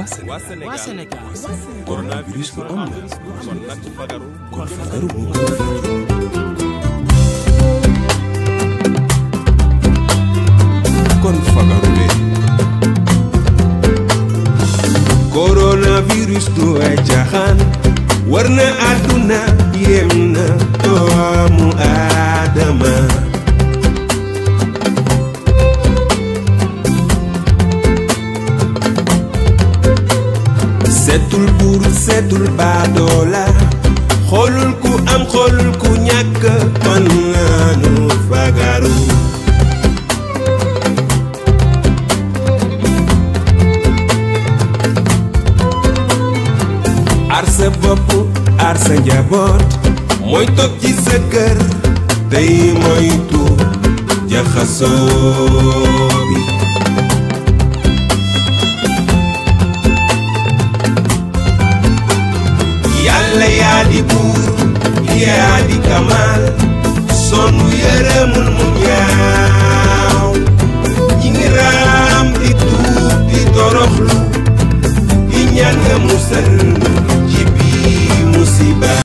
Coronavirus Sénégal waa Sénégal coronavirus to am la kon a setul buur setul badola Holul cu am holul cu neacă până nu fagaru ar sa arsă ar sa njaboot mooy toog ci sa kër tey moytu jaxasoo yàlla yaa di buur yaa di kamal